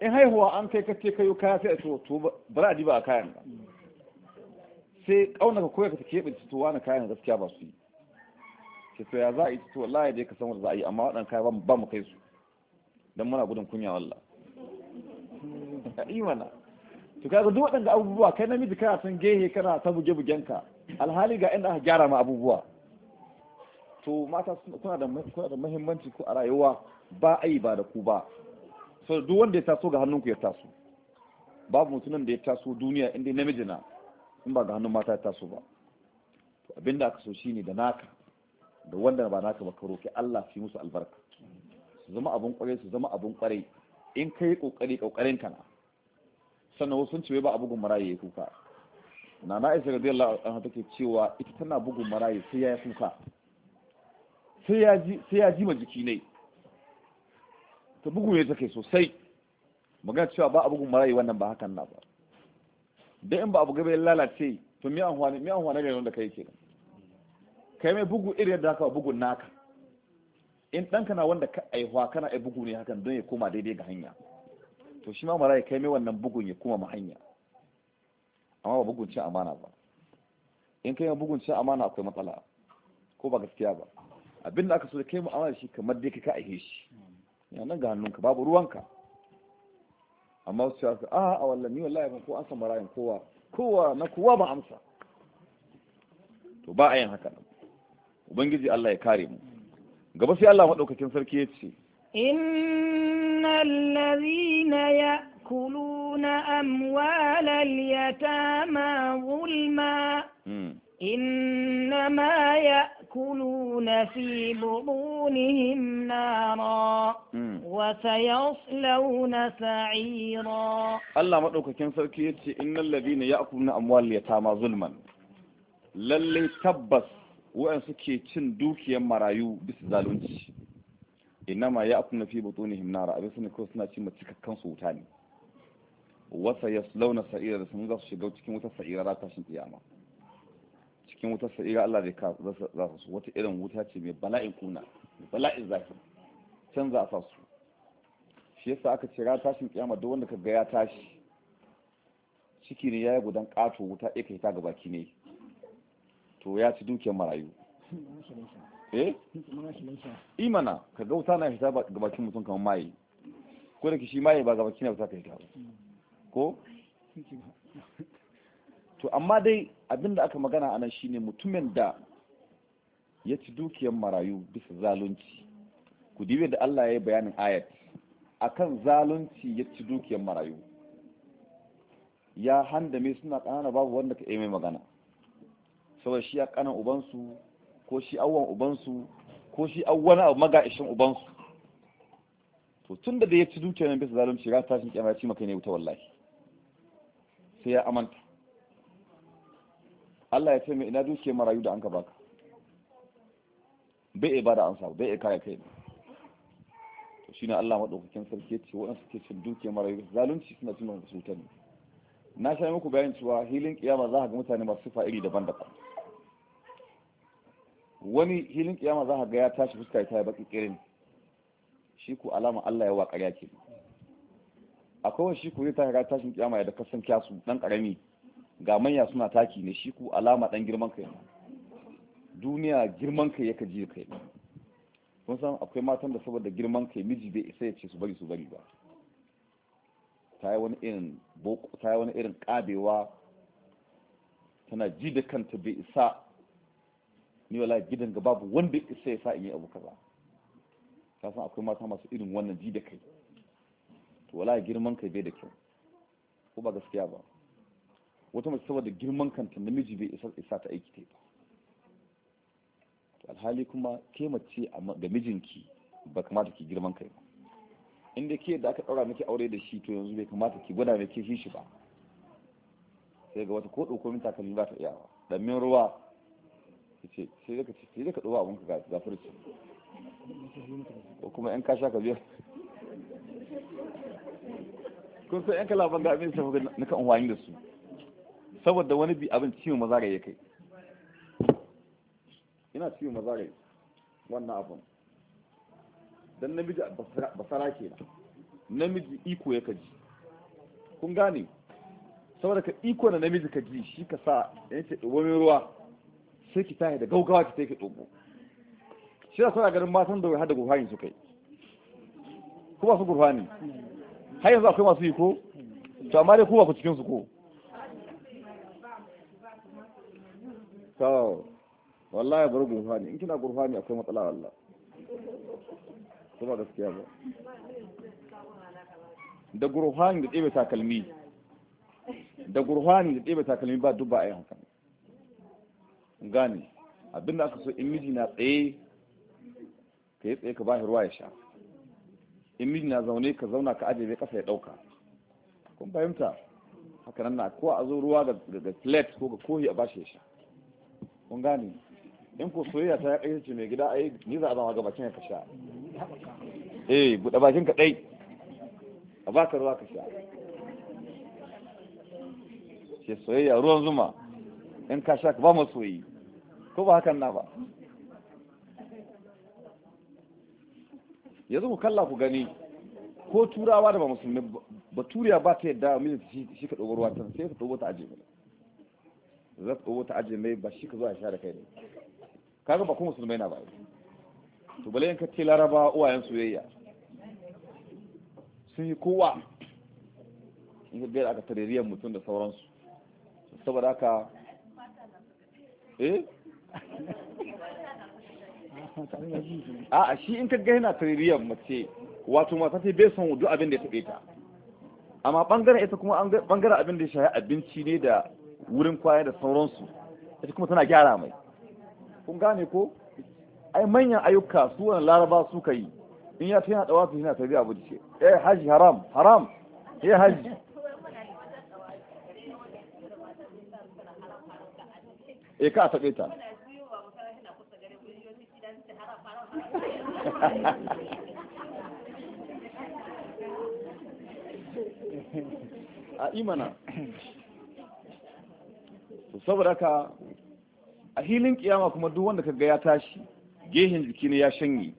in haihuwa an kai ka ce kayo kaya sai a ce to ba za a diba a kayan ba sai ka koya ka ta keɓe ta wani kayan gaskiya ba su yi Ke to ya za a yi to wallahi dai ka san wanda za a yi amma waɗannan kaya ba mu kai su dan muna gudun kunya wallah imana to kaga duk waɗanda abubuwa kai namiji kana san gehe kana ta buge bugenka alhali ga inda aka gyara ma abubuwa to mata suna da kuna da muhimmanci ko a rayuwa ba yi ba da ku ba so duk wanda ya taso ga hannunku ya taso babu mutumin da ya taso duniya inda namiji na in ba ga hannun mata ya taso ba to abinda aka so shine da naka da wanda ba naka ba ka roki Allah fi musu albarka su zama abun kwarai su zama abun kwarai in kai kokari kokarin ka na sannan wasu sun ce ba a bugun maraye kuka na na isa Allah anha take cewa ita tana bugun maraye sai ya kuka sai ya ji sai ya ji ma jiki ne ta bugu ne take sosai magana cewa ba a bugun marayi wannan ba hakan na ba dan in ba abu gaba ya lalace to me mi an amfani ne wanda kai kenan kai mai bugu irin da ka bugun naka in dan kana wanda ka aihuwa kana ai bugu ne hakan don ya koma daidai ga hanya to shi ma marayi kai mai wannan bugun ya koma ma hanya amma ba bugun cin amana ba in kai bugun cin amana akwai matsala ko ba gaskiya ba abinda aka so da kai amana shi kamar dai ka aihe shi ya nan ga hannunka babu ruwanka amma su ce ah, a a wallan ni wallahi ban ko an san marayin kowa kowa na kowa ba amsa to ba a yin haka nan ubangiji Allah ya kare mu gaba sai Allah madaukakin sarki ya ce innal ladina ya'kuluna amwalal yatama zulma hmm. innama ya يدخلون في بطونهم نارا وسيصلون سعيرا الله مدوك كان سركي يتي ان الذين ياكلون اموال اليتامى ظلما للي تبس وان سكي تشن دوكي مرايو بس ظالونتي انما ياكلون في بطونهم نارا ابي أبي سنة كوسنا تشم تككن سوتاني وسيصلون سعيرا سنغس شغوتك متسعيرا راتاشن قيامه cikin wutar sa'ira Allah zai za su wata irin wuta ce mai bala'in kuna bala'in zafi can za a sa su shi yasa aka ce ran tashin kiyama duk wanda kaga ya tashi ciki ne yayi gudan kato wuta ɗaya kai ta ga baki ne to ya ci dukiyar marayu eh imana kaga wuta na fita ga bakin mutum kamar maye ko da shi maye ba ga baki ne wuta kai ta ko to amma dai abinda aka magana anan shine mutumin da ya ci dukiyar marayu bisa zalunci ku dibe da Allah ya yi bayanin ayat akan zalunci ya ci dukiyar marayu ya handame suna ƙanana babu wanda ka mai magana saboda shi ya ƙanan ubansu ko shi awon ubansu ko shi awon abu maga'ishin ubansu to tun da ya ci dukiyar bisa zalunci ra tashin kyamar ci maka ne wuta wallahi sai ya amanta Allah ya ce mai ina dukiyar marayu da an ka baka bai ba da ansa bai kaya kai ne to Allah madaukakin sarki ya ce waɗansu ke cin dukiyar marayu zalunci suna cin wani cuta ne na sha muku bayan cewa hilin kiyama za ka ga mutane masu sifa iri daban-daban wani hilin kiyama za ka ga ya tashi fuska ta baki kirin shi ko alama Allah ya wa ƙarya ke akwai wani shi ko zai tashi ga tashin kiyama ya da kasan kyasu dan karami ga manya suna taki ne shi ku alama dan girman kai duniya girman kai yaka ji kai kun san akwai matan da saboda girman kai miji bai isa ya ce su bari su bari ba ta yi wani irin boko ta wani irin kabewa tana ji da kanta bai isa ni wala gidan ga babu wanda isa ya sa in yi abu kaza ka san akwai mata masu irin wannan ji da kai to wala girman kai bai da kyau ko ba gaskiya ba wata mace saboda girman kanta namiji bai isa isa ta aiki ta ba alhali kuma ke mace ga mijinki ba kamata ki girman kai ba inda ke da aka daura miki aure da shi to yanzu bai kamata ki gwada miki shi shi ba sai ga wata ko dauko min takalmi ba ta iya ba min ruwa kace sai da ci sai da ka dauka abunka ga gafurci ko kuma in ka sha ka biya kun san yan kalaban ga abin sa na kan wani da su saboda wani bi abin ciwon mazara ya kai ina ciwon mazara wannan abin don namiji basara ke na namiji iko ya kaji kun gane saboda ka iko na namiji kaji shi ka sa yan ce ɗubomin ruwa sai ki tahi da gaugawa ki take ɗubo shi da suna ganin matan da wuri hada gurfani su kai ko masu gurfani har yanzu akwai masu yi ko to amma dai kowa ku cikin su ko to wallahi bar gurfani in kina gurfani akwai matsala Allah kuma gaskiya ba da gurfani da tsebe takalmi da gurfani da tsebe takalmi ba duba ayi a yi haka gane abinda aka so in miji na tsaye ka yi tsaye ka bashi ruwa ya sha in miji na zaune ka zauna ka ajiye kasa ya ɗauka kun fahimta haka nan na ko a zo ruwa ga plate ko ga kohi a bashi ya sha kun gane in ko soyayya ta kai ce mai gida ai ni za a zama ga bakin ka sha eh buɗe bakin ka dai a baka ruwa ka sha ke soyayya ruwan zuma in ka sha ka ba soyayya ko ba hakan na ba yanzu ku kalla ku gani ko turawa da ba musulmi ba turiya ba ta yadda mijinta shi ka dogo ruwa ta sai ka dogo ta aje mana za su ɗauko ta ajiye mai ba shi ka zo a sha da kai ne kaga ba kuma musulmai na ba to bale ka ce laraba uwayen soyayya sun yi kowa in ka gaira aka tareriyar mutum da sauransu saboda haka eh a shi in ka gaina tareriyar mace wato mata ta bai son duk abin da ya taɓe ta amma bangaren ita kuma bangaren abin da ya shafi abinci ne da wurin kwaya da sauransu ita kuma tana gyara mai kun gane ko ai manyan ayyuka su wani laraba suka yi in ya ta yana dawa su yana tabi abu da ce eh haji haram haram eh haji eh ka taɓe ta a imana to saboda haka a hilin kiyama kuma duk wanda kaga ya tashi gehen jiki ne ya shanye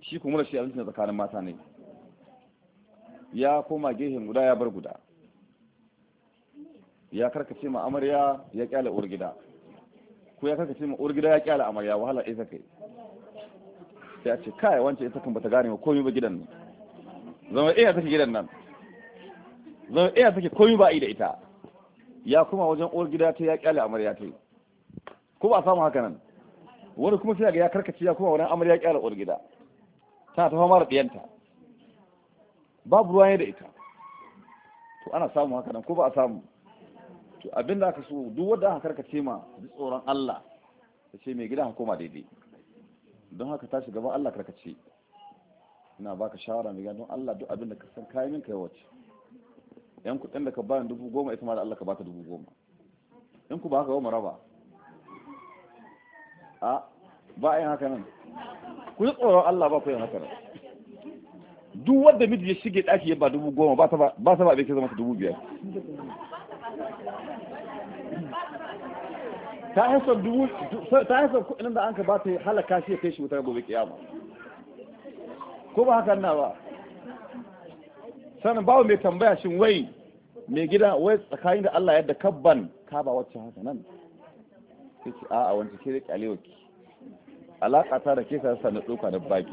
shi kuma da shi abinci na tsakanin mata ne ya koma gehen guda ya bar guda ya karkace ma amarya ya kyale uwar gida ko ya karkace ma uwar gida ya kyale amarya wahala ita kai sai a ce kai wancan ita kan bata gane ba komai ba gidan nan zama iya take gidan nan zama iya take komai ba da ita ya kuma wajen uwar gida ta ya kyale amarya ta ko ba samu haka nan wani kuma sai ga ya karkace ya kuma wani amarya kyale uwar gida ta ta fama da diyanta babu ruwa da ita to ana samu haka nan ko ba a samu to abin da aka so duk wanda aka karkace ma ji tsoron Allah ta ce mai gida koma daidai don haka tashi gaban Allah karkace ina baka shawara mai gidan don Allah duk abin da ka san kayan ka yawace yan kuɗin da ka ba ni dubu goma ita ma da Allah ka ba ta dubu goma in ku ba haka goma raba a ba a yin haka nan ku yi tsoron Allah ba ku yin haka nan duk wanda miji ya shige ɗaki ya ba dubu goma ba ta ba ba bai ke zama ta dubu biyar ta haifar dubu ta haifar kuɗin da an ka ba ta halaka shi ya kai shi wutar gobe kiyama ko ba haka na ba sannan babu mai tambaya shin wai mai gida wai tsakanin da Allah yadda kabban ka ba wacce haka nan sai ce a'a wancan ke da kyalewa ki alaka ta da ke sa sa na tsoka na baki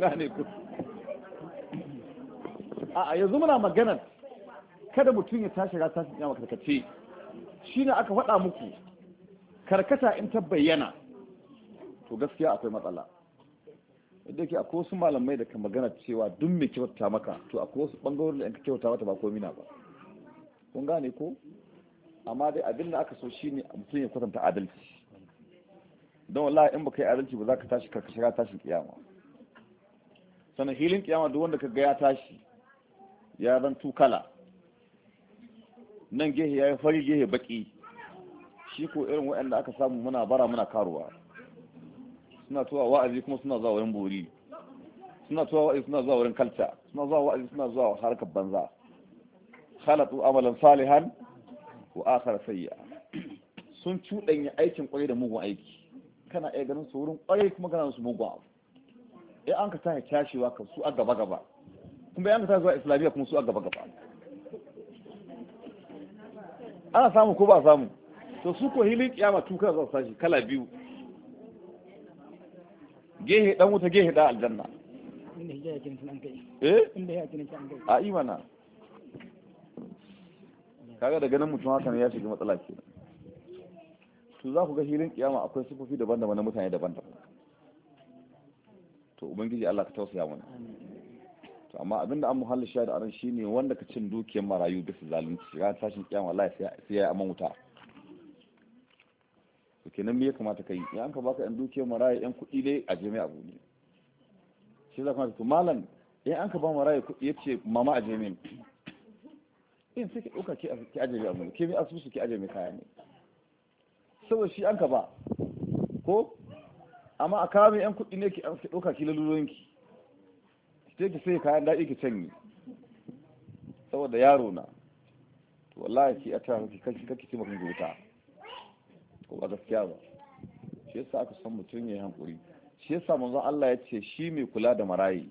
gane ku a'a yanzu muna maganar kada mutum ya tashi ga tashi ya makarkace shi ne aka faɗa muku karkata in ta bayyana to gaskiya akwai matsala yadda ke akwai wasu malamai da ka magana cewa duk mai kyauta maka to akwai wasu bangarorin da ka kyauta mata ba komi na ba kun gane ko amma dai abin da aka so shi ne mutum ya kwatanta adalci don wallahi in baka yi adalci ba za ka tashi karka shiga tashin kiyama sannan hilin kiyama duk wanda ka ga ya tashi ya zan tukala nan gehe ya yi fari gehe baki shi ko irin waɗanda aka samu muna bara muna karuwa suna zuwa wa'azi kuma suna zuwa wurin bori suna zuwa wa'azi suna zuwa wurin kalta suna zuwa wa'azi suna zuwa harkar banza khalatu amalan salihan wa akhar sayya sun cuɗanya aikin kwarai da mugun aiki kana iya ganin su wurin kwarai kuma kana su mugun abu eh an ka tashi tashiwa ka su a gaba gaba kuma an ka tashi zuwa islamiyya kuma su a gaba gaba ana samu ko ba samu to su ko hilin kiyama tuka zuwa sashi kala biyu gehe dan wuta gehe da aljanna eh a imana kaga da ganin mutum haka ne ya shiga matsala kenan to za ku ga hirin kiyama akwai sifofi daban-daban na mutane daban-daban to ubangiji Allah ka tausaya mana to amma abin da an muhalli da aran shine wanda ka cin dukiyar marayu bisa zalunci ga tashin kiyama Allah sai ya amma wuta to kenan me ya kamata kai in an ka baka yan dukiya maraya yan kuɗi dai a jami'a gobe shi za ka to malam in an ka ba maraya kuɗi yace mama a jami'a in sai ki ɗauka ki ajiye abu ke mai asusu ki ajiye kaya ne saboda shi an ka ba ko amma a kawo mai yan kuɗi ne ki ɗauka ki lalurorinki sai ki sai kayan daɗi ki canyi saboda yaro na wallahi ki a tara ki kanki kanki ce makan ko ba gaskiya ba shi yasa aka san mutum ya yi hankuri shi yasa manzon Allah ya ce shi mai kula da marayi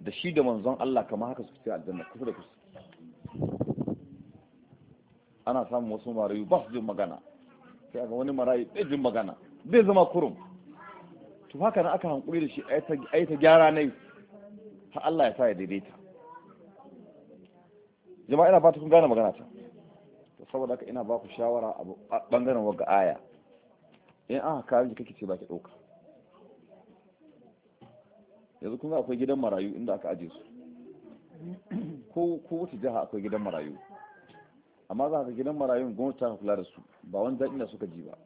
da shi da manzon Allah kamar haka su fita aljanna kusa da kusa ana samun wasu marayu ba su jin magana sai ga wani marayu bai jin magana bai zama kurum to haka na aka hankuri da shi ai ta gyara ne har Allah ya sa ya daidaita jama'a ina fata kun gane magana ta saboda haka ina ba ku shawara a bangaren wagga aya in aka kawo kake ce baki ɗauka yanzu kun akwai gidan marayu inda aka aje su ko ko wata jiha akwai gidan marayu amma za ka gidan marayun gwamnati ta kula da su ba wani daɗi na suka ji ba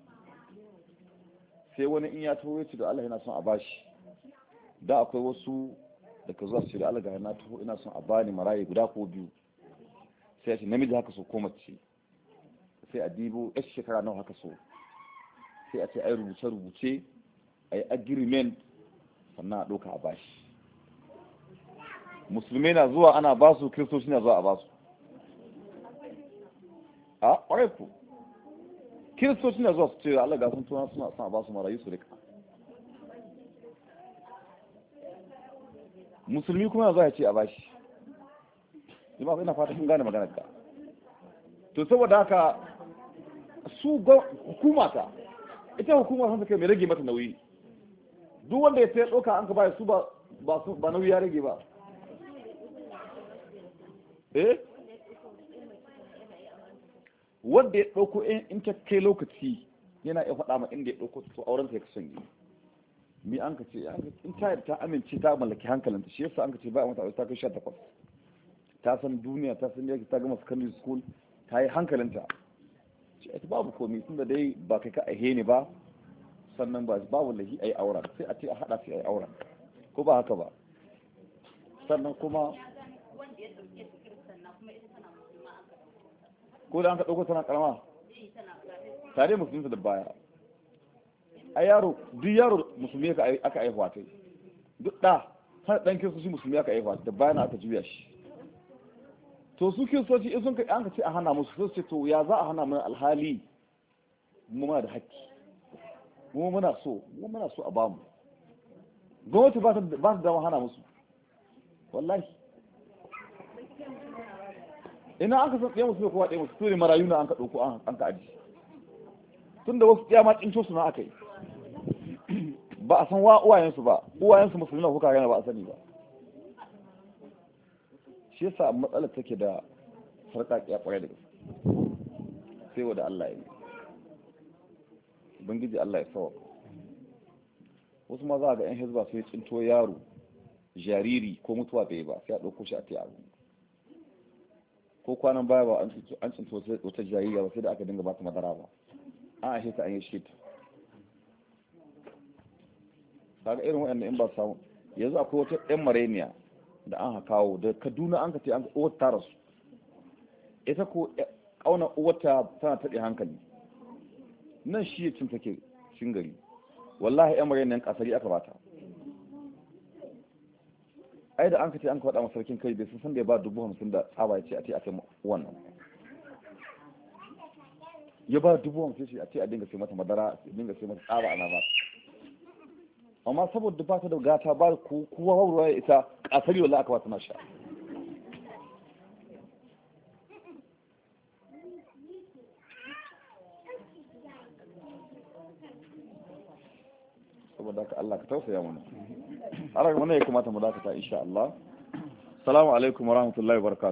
sai wani in ya taho ya ce da Allah yana son a bashi da akwai wasu da ka zuwa su ce da Allah ga na taho ina son a bani marayu guda ko biyu sai ya ce namiji haka su ko mace sai a dibo yar shekara nawa haka so sai a ce a yi rubuce-rubuce a yi agreement sannan a ɗauka a bashi musulmi na zuwa ana basu kiristoci na zuwa a su a ƙwarai kiristoci na zuwa su ce Allah ga sun tuna suna ba su marayu su rika musulmi kuma na zuwa ya ce a bashi jama'a ina fata kun gane magana ka to saboda haka su ga hukuma ta ita hukuma sun take mai rage mata nauyi duk wanda ya sai doka an ka baya su ba ba nauyi ya rage ba eh wanda ya dauko in ta kai lokaci yana iya faɗa ma inda ya dauko to auren ta ya kasance mi an ka ce in ta ta amince ta mallaki hankalinta shi yasa an ka ce ba mata ta kai 18 ta san duniya ta san yake ta gama secondary school ta yi hankalinta ce ta babu komai tunda dai ba kai ka ahe ni ba sannan ba babu lahi ai aura sai a ce a hada sai ai aura ko ba haka ba sannan kuma ko da an ka dauko tana karama tare musulunta da baya a yaro duk yaro musulmi aka aihuwa ta duk da har dan kirsu shi musulmi aka aihuwa da baya na aka juya shi to su kiristoci in sun kai an ka ce a hana musu sun ce to ya za a hana mana alhali mu muna da haƙƙi mu muna so mu muna so a bamu gwamnati ba ta dama hana musu wallahi ina an ka san tsaye musu ne kowa ɗaya musu su ne marayu na an ka ɗauko an ka aji tun da wasu tsayama ma cosu su na aka yi ba a san wa uwayensu ba uwayensu musulmi na kuka gane ba a sani ba shi yasa matsala take da sarƙaƙiya ƙwarai da gaske sai wa da Allah ya yi ubangiji Allah ya sawa wasu ma za ga yan hizba sai tsinto yaro jariri ko mutuwa bai ba sai a ɗauko shi a ta yaro ko kwanan baya ba an tsinto wata jariri ba sai da aka dinga ba ta madara ba an ashe ta an yi shi ta ga irin waɗanda in ba samu yanzu akwai wata ɗan mareniya da an kawo da kaduna an ka ce an uwar ta rasu ita ko kauna eh, ta tana taɗe hankali nan shi ya cin take gari wallahi yan marayin nan kasari aka bata ai da an ka ce an ka faɗa masa sarkin kai bai sun san da ya ba dubu hamsin da tsaba ya ce a ce a ce wannan ya ba dubu hamsin shi a ce a dinga sai mata madara a dinga sai mata tsaba ana ba amma saboda ba ta da gata ba kowa wawurwa ya isa قتلي ولا أكوا تمشى مداك الله كتوس يا منا أراك منا يكون ما تمداك إن شاء الله السلام عليكم ورحمة الله وبركاته